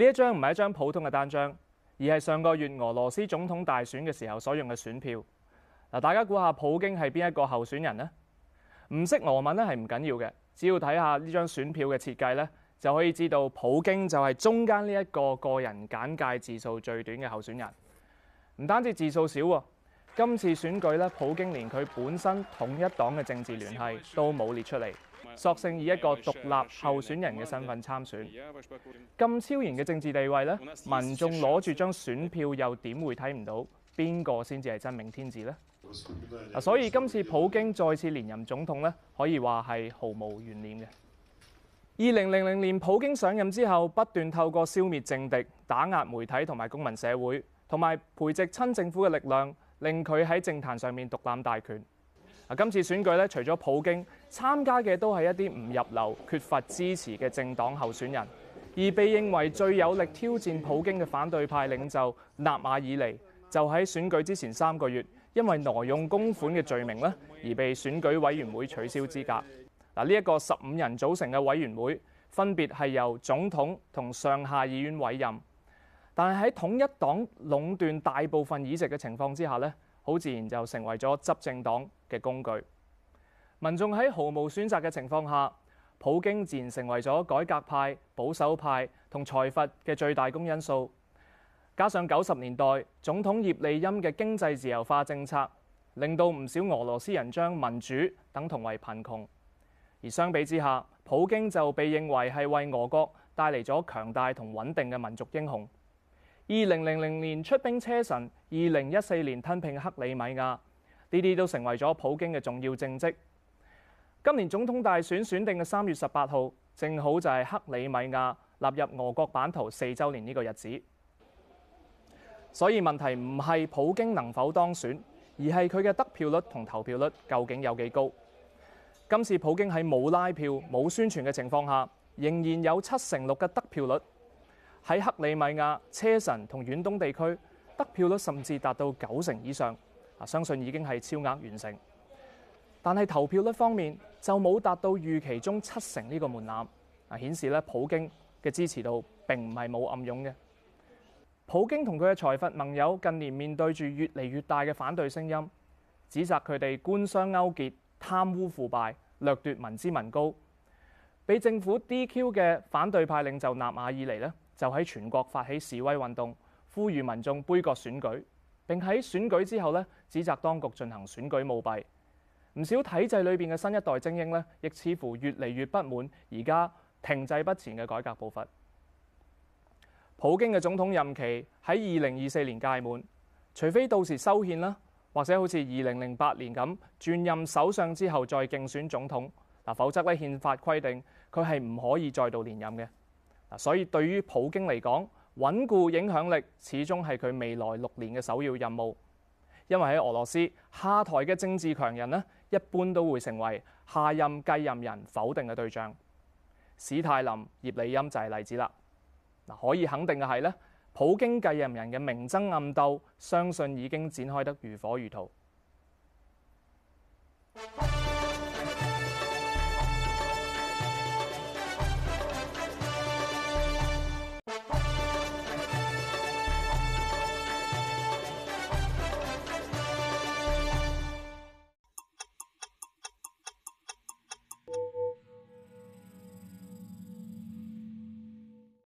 呢一張唔係一張普通嘅單張，而係上個月俄羅斯總統大選嘅時候所用嘅選票。大家估下普京係邊一個候選人呢？唔識俄文呢係唔緊要嘅，只要睇下呢張選票嘅設計呢，就可以知道普京就係中間呢一個個人簡介字數最短嘅候選人。唔單止字數少喎。今次選舉普京連佢本身統一黨嘅政治聯繫都冇列出嚟，索性以一個獨立候選人嘅身份參選，咁超然嘅政治地位，民眾攞住張選票又點會睇唔到邊個先至係真命天子呢？所以今次普京再次連任總統，可以話係毫無懸念嘅。二零零零年普京上任之後，不斷透過消滅政敵、打壓媒體同埋公民社會，同埋培植親政府嘅力量。令佢喺政壇上面獨攬大權。今次選舉咧，除咗普京參加嘅都係一啲唔入流、缺乏支持嘅政黨候選人，而被認為最有力挑戰普京嘅反對派領袖納馬爾尼，就喺選舉之前三個月，因為挪用公款嘅罪名咧，而被選舉委員會取消資格。嗱，呢一個十五人組成嘅委員會，分別係由總統同上下議院委任。但係喺統一黨壟斷大部分議席嘅情況之下呢，好自然就成為咗執政黨嘅工具。民眾喺毫無選擇嘅情況下，普京自然成為咗改革派、保守派同財閥嘅最大公因素。加上九十年代總統葉利欽嘅經濟自由化政策，令到唔少俄羅斯人將民主等同為貧窮，而相比之下，普京就被認為係為俄國帶嚟咗強大同穩定嘅民族英雄。二零零零年出兵車臣，二零一四年吞併克里米亞，呢啲都成為咗普京嘅重要政績。今年總統大選選定嘅三月十八號，正好就係克里米亞納入俄國版圖四周年呢個日子。所以問題唔係普京能否當選，而係佢嘅得票率同投票率究竟有幾高？今次普京喺冇拉票、冇宣傳嘅情況下，仍然有七成六嘅得票率。喺克里米亞、車臣同遠東地區得票率甚至達到九成以上，啊，相信已經係超額完成。但係投票率方面就冇達到預期中七成呢個門檻，啊，顯示咧普京嘅支持度並唔係冇暗湧嘅。普京同佢嘅財閥盟友近年面對住越嚟越大嘅反對聲音，指責佢哋官商勾結、貪污腐敗、掠奪民脂民膏，被政府 DQ 嘅反對派領袖納瓦爾尼咧，就喺全國發起示威運動，呼籲民眾杯葛選舉，並喺選舉之後呢，指責當局進行選舉舞弊。唔少體制裏邊嘅新一代精英呢，亦似乎越嚟越不滿而家停滯不前嘅改革步伐。普京嘅總統任期喺二零二四年屆滿，除非到時修憲啦，或者好似二零零八年咁轉任首相之後再競選總統，嗱，否則咧憲法規定佢係唔可以再度連任嘅。所以對於普京嚟講，穩固影響力始終係佢未來六年嘅首要任務。因為喺俄羅斯，下台嘅政治強人呢，一般都會成為下任繼任人否定嘅對象。史太林、葉利欽就係例子啦。可以肯定嘅係呢，普京繼任人嘅明爭暗鬥，相信已經展開得如火如荼。